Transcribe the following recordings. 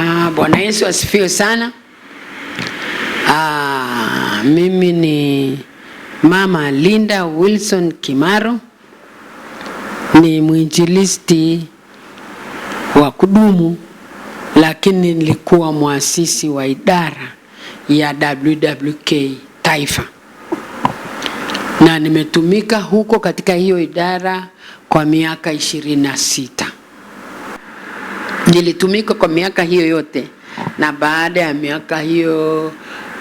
Ah, Bwana Yesu asifiwe sana. Ah, mimi ni Mama Linda Wilson Kimaro, ni mwinjilisti wa kudumu, lakini nilikuwa mwasisi wa idara ya WWK Taifa na nimetumika huko katika hiyo idara kwa miaka 26. Nilitumika kwa miaka hiyo yote, na baada ya miaka hiyo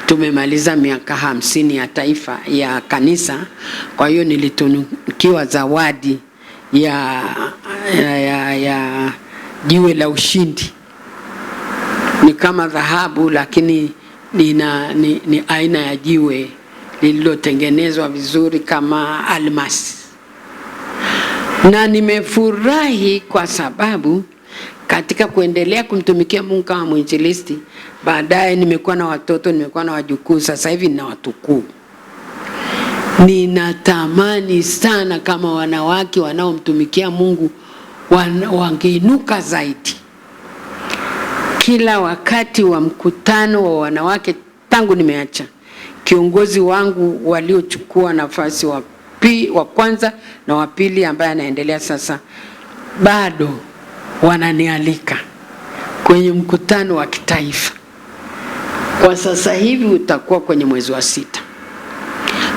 tumemaliza miaka hamsini ya taifa ya kanisa. Kwa hiyo nilitunukiwa zawadi ya, ya, ya, ya jiwe la ushindi. Ni kama dhahabu lakini nina, ni, ni aina ya jiwe lililotengenezwa vizuri kama almasi, na nimefurahi kwa sababu katika kuendelea kumtumikia Mungu kama mwinjilisti. Baadaye nimekuwa na watoto, nimekuwa na wajukuu, sasa hivi nina watukuu. Ninatamani sana kama wanawake wanaomtumikia Mungu wangeinuka zaidi. Kila wakati wa mkutano wa wanawake tangu nimeacha, kiongozi wangu waliochukua nafasi wa, pi, wa kwanza na wa pili ambaye anaendelea sasa bado wananialika kwenye mkutano wa kitaifa. Kwa sasa hivi utakuwa kwenye mwezi wa sita.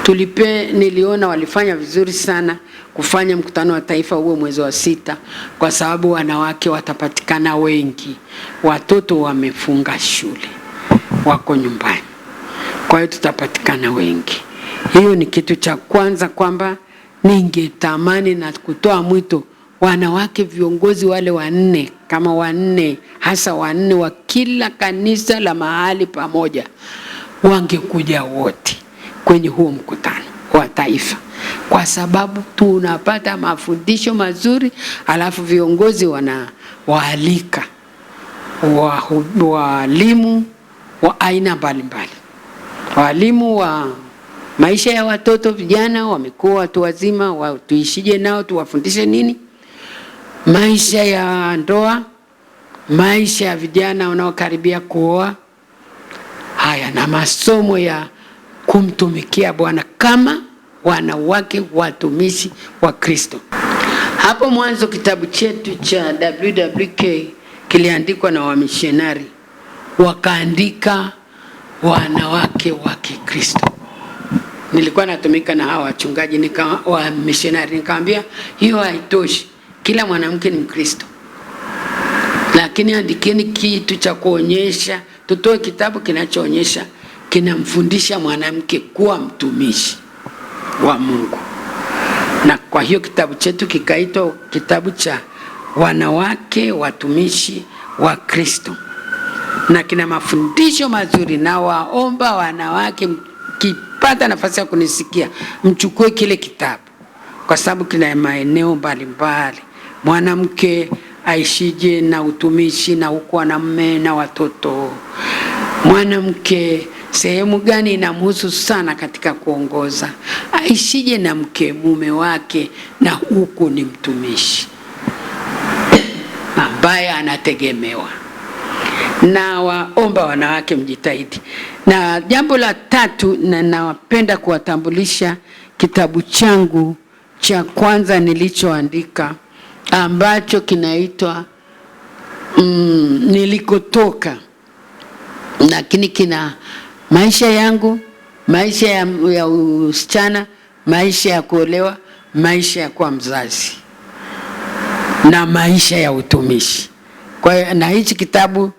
Tulipe niliona walifanya vizuri sana kufanya mkutano wa taifa huo mwezi wa sita, kwa sababu wanawake watapatikana wengi, watoto wamefunga shule, wako nyumbani, kwa hiyo tutapatikana wengi. Hiyo ni kitu cha kwanza, kwamba ningetamani na kutoa mwito wanawake viongozi wale wanne kama wanne hasa wanne wa kila kanisa la mahali pamoja, wangekuja wote kwenye huo mkutano wa taifa, kwa sababu tunapata mafundisho mazuri, alafu viongozi wanawaalika waalimu wa, wa aina mbalimbali, waalimu wa maisha ya watoto vijana, wamekuwa watu wazima, watuishije nao, tuwafundishe nini maisha ya ndoa, maisha ya vijana wanaokaribia kuoa, haya na masomo ya kumtumikia Bwana kama wanawake watumishi wa Kristo. Hapo mwanzo kitabu chetu cha WWK kiliandikwa na wamishonari, wakaandika wanawake wa Kikristo. Nilikuwa natumika na hawa wachungaji nika, wamishonari, nikamwambia hiyo haitoshi kila mwanamke ni Mkristo, lakini andikeni kitu cha kuonyesha, tutoe kitabu kinachoonyesha kinamfundisha mwanamke kuwa mtumishi wa Mungu. Na kwa hiyo kitabu chetu kikaitwa kitabu cha wanawake watumishi wa Kristo, na kina mafundisho mazuri, na waomba wanawake mkipata nafasi ya kunisikia mchukue kile kitabu, kwa sababu kina maeneo mbalimbali mwanamke aishije na utumishi na huko na mme na watoto. Mwanamke sehemu gani inamhusu sana katika kuongoza? Aishije na mke mume wake na huku ni mtumishi ambaye anategemewa. Na waomba wanawake mjitahidi. Na jambo la tatu, na nawapenda kuwatambulisha kitabu changu cha kwanza nilichoandika ambacho kinaitwa mm, nilikotoka, lakini kina maisha yangu, maisha ya, ya usichana, maisha ya kuolewa, maisha ya kuwa mzazi na maisha ya utumishi. Kwa hiyo na hichi kitabu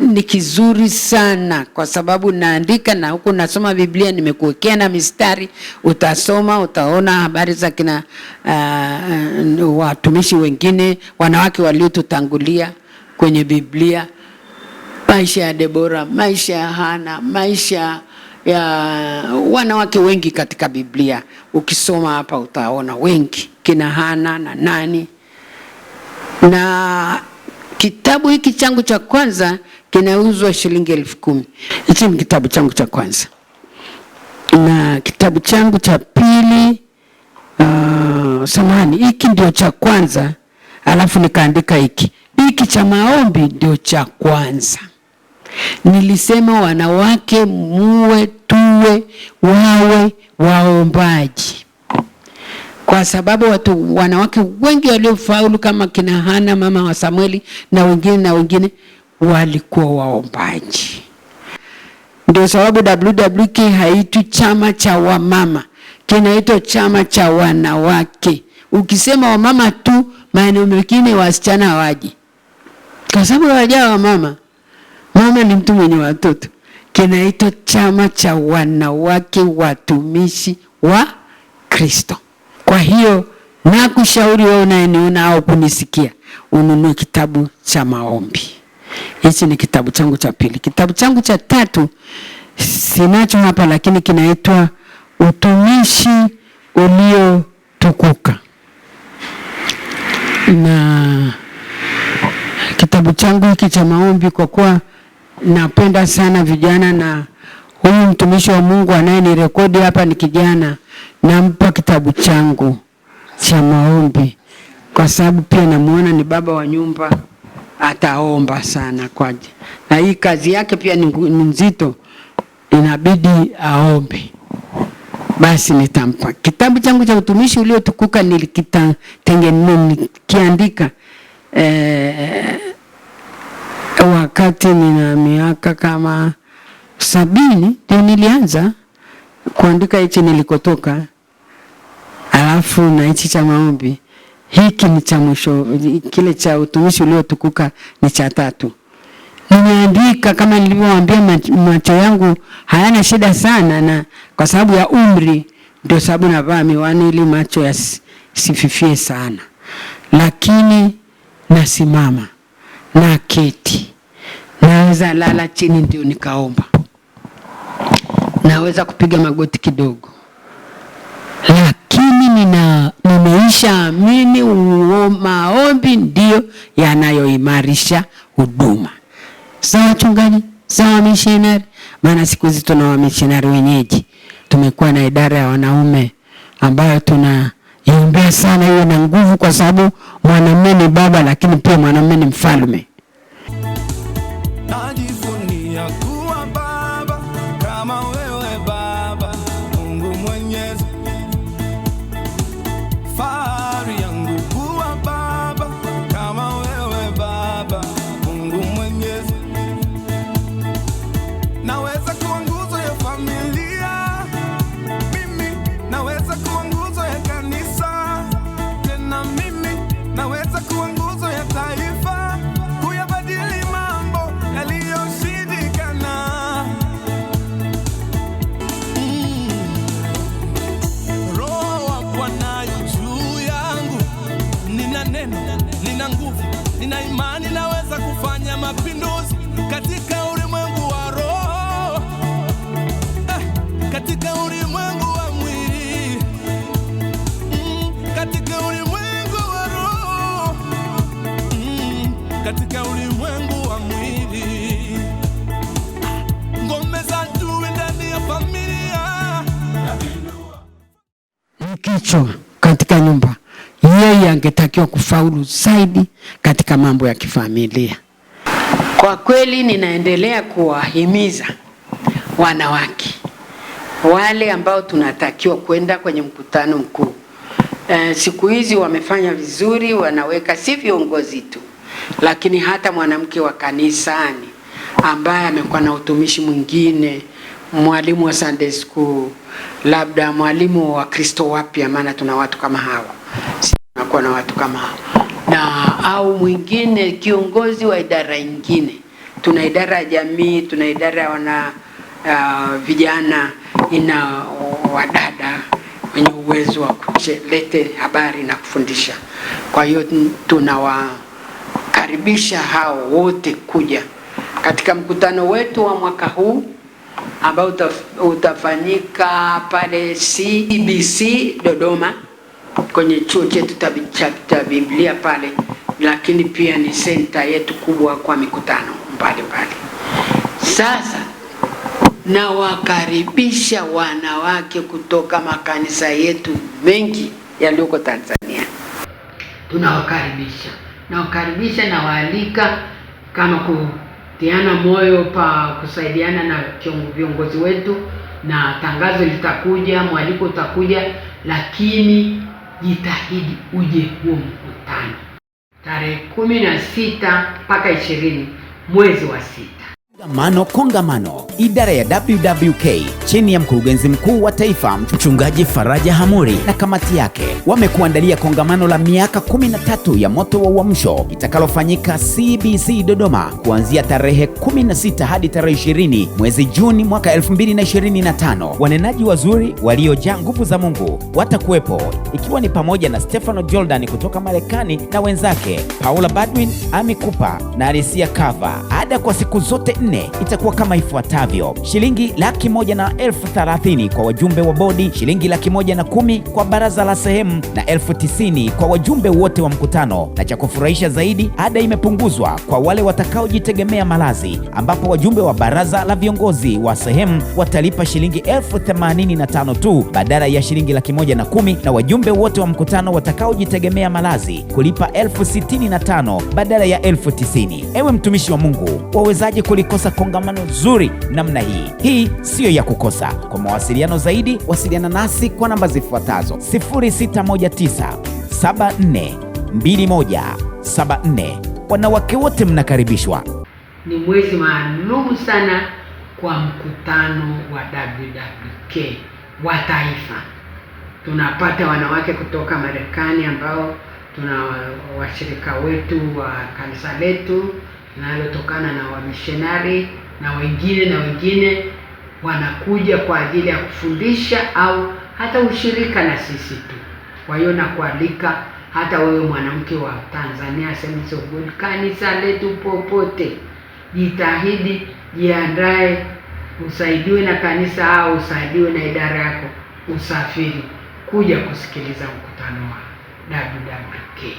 ni kizuri sana kwa sababu naandika na huku nasoma Biblia, nimekuwekea na mistari, utasoma utaona habari za kina uh, uh, watumishi wengine, wanawake waliotutangulia kwenye Biblia, maisha ya Debora, maisha ya Hana, maisha ya wanawake wengi katika Biblia. Ukisoma hapa utaona wengi kina Hana na nani. Na kitabu hiki changu cha kwanza kinauzwa shilingi elfu kumi. Hichi ni kitabu changu cha kwanza, na kitabu changu cha pili uh, samahani, hiki ndio cha kwanza, alafu nikaandika hiki hiki cha maombi ndio cha kwanza. Nilisema wanawake muwe tuwe wawe waombaji, kwa sababu watu wanawake wengi waliofaulu kama kina Hana mama wa Samueli na wengine na wengine walikuwa waombaji. Ndio sababu WWK haitu chama cha wamama, kinaitwa chama cha wanawake. Ukisema wamama tu, maeneo mengine wasichana waje, kwa sababu hawajaa wamama. Mama ni mtu mwenye watoto. Kinaitwa chama cha wanawake watumishi wa Kristo. Kwa hiyo nakushauri wewe unayeniona au kunisikia ununue kitabu cha maombi. Hichi ni kitabu changu cha pili. Kitabu changu cha tatu sinacho hapa, lakini kinaitwa Utumishi Uliotukuka, na kitabu changu hiki cha maombi, kwa kuwa napenda sana vijana na huyu mtumishi wa Mungu anaye ni rekodi hapa ni kijana, nampa kitabu changu cha maombi kwa sababu pia namuona ni baba wa nyumba ataomba sana kwaje, na hii kazi yake pia ni nzito, inabidi aombe. Basi nitampa kitabu changu cha utumishi uliotukuka, nilikitengeneza nikiandika eh, wakati nina miaka kama sabini ndio nilianza kuandika hichi nilikotoka, alafu na hichi cha maombi hiki ni cha mwisho, kile cha utumishi uliotukuka ni cha tatu. Nimeandika kama nilivyowaambia, macho yangu hayana shida sana, na kwa sababu ya umri ndio sababu navaa miwani ili macho yasififie sana, lakini nasimama na keti, naweza lala chini ndio nikaomba, naweza kupiga magoti kidogo, lakini nina uo, maombi ndiyo yanayoimarisha huduma za wachungaji za wamishonari. Maana siku hizi tuna wamishinari wenyeji, tumekuwa na idara ya wanaume ambayo tunaiombea sana iwe na nguvu, kwa sababu mwanamume ni baba, lakini pia mwanamume ni mfalme. mapinduzi katika ulimwengu wa roho eh, katika ulimwengu wa mwili mm, katika ulimwengu wa roho mm, katika ulimwengu wa mwili ngome za ndani ya familia mkichwa katika nyumba yeye angetakiwa kufaulu zaidi katika mambo ya kifamilia. Kwa kweli ninaendelea kuwahimiza wanawake wale ambao tunatakiwa kwenda kwenye mkutano mkuu. E, siku hizi wamefanya vizuri, wanaweka si viongozi tu, lakini hata mwanamke wa kanisani ambaye amekuwa na utumishi mwingine, mwalimu wa Sunday school, labda mwalimu wa Kristo wapya, maana tuna watu kama hawa, tunakuwa na watu kama hawa na au mwingine kiongozi wa idara nyingine. Tuna idara ya jamii, tuna idara ya wana uh, vijana, ina wadada wenye uwezo wa kuchelete habari na kufundisha. Kwa hiyo tunawakaribisha hao wote kuja katika mkutano wetu wa mwaka huu ambao utafanyika pale CBC e Dodoma kwenye chuo chetu cha Biblia pale, lakini pia ni senta yetu kubwa kwa mikutano mbalimbali. Sasa nawakaribisha wanawake kutoka makanisa yetu mengi yaliyoko Tanzania, tunawakaribisha nawakaribisha nawaalika kama kutiana moyo pa kusaidiana na viongozi wetu, na tangazo litakuja, mwaliko utakuja, lakini jitahidi uje huo mkutano tarehe kumi na sita mpaka ishirini mwezi wa sita. Kongamano kongamano, idara ya WWK chini ya mkurugenzi mkuu wa taifa mchungaji Faraja Hamuri na kamati yake wamekuandalia kongamano la miaka 13 ya moto wa uamsho itakalofanyika CBC Dodoma kuanzia tarehe 16 hadi tarehe 20 mwezi Juni mwaka 2025. Wanenaji wazuri waliojaa nguvu za Mungu watakuwepo ikiwa ni pamoja na Stefano Jordan kutoka Marekani na wenzake Paula Badwin, Ami Kupa na alicia Kava. Ada kwa siku zote nne itakuwa kama ifuatavyo: shilingi laki moja na elfu thelathini kwa wajumbe wa bodi, shilingi laki moja na kumi kwa baraza la sehemu na elfu tisini kwa wajumbe wote wa mkutano. Na cha kufurahisha zaidi, ada imepunguzwa kwa wale watakaojitegemea malazi, ambapo wajumbe wa baraza la viongozi wa sehemu watalipa shilingi elfu themanini na tano tu badala ya shilingi laki moja na kumi na wajumbe wote wa mkutano watakaojitegemea malazi kulipa elfu sitini na tano badala ya elfu tisini. Ewe mtumishi wa Mungu, wawezaje kuliko kukosa kongamano zuri namna hii. Hii siyo ya kukosa. Kwa mawasiliano zaidi, wasiliana nasi kwa namba zifuatazo 0619 Wanawake wote mnakaribishwa. Ni mwezi maalumu sana kwa mkutano wa WWK wa taifa. Tunapata wanawake kutoka Marekani ambao tuna washirika wetu wa kanisa letu linalotokana na wamishonari na wengine na wengine wanakuja kwa ajili ya kufundisha au hata ushirika na sisi tu. Kwa hiyo nakualika hata wewe mwanamke wa Tanzania Assemblies of God, kanisa letu popote, jitahidi, jiandae, usaidiwe na kanisa au usaidiwe na idara yako, usafiri kuja kusikiliza mkutano wa WWK.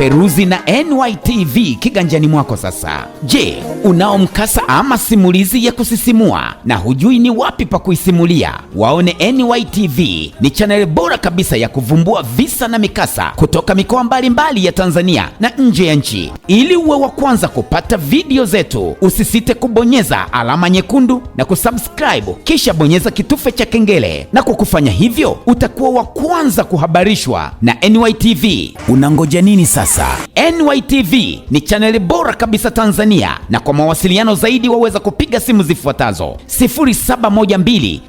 peruzi na NYTV kiganjani mwako sasa. Je, unao mkasa ama simulizi ya kusisimua na hujui ni wapi pa kuisimulia? Waone NYTV, ni chaneli bora kabisa ya kuvumbua visa na mikasa kutoka mikoa mbalimbali ya Tanzania na nje ya nchi. Ili uwe wa kwanza kupata video zetu, usisite kubonyeza alama nyekundu na kusubscribe, kisha bonyeza kitufe cha kengele, na kwa kufanya hivyo utakuwa wa kwanza kuhabarishwa na NYTV. Unangoja nini sasa? sasa. NYTV ni chaneli bora kabisa Tanzania, na kwa mawasiliano zaidi waweza kupiga simu zifuatazo 0712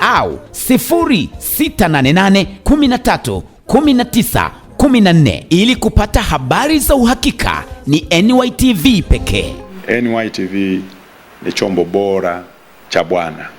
au 0688 14. Ili kupata habari za uhakika ni NYTV pekee. NYTV ni chombo bora cha Bwana.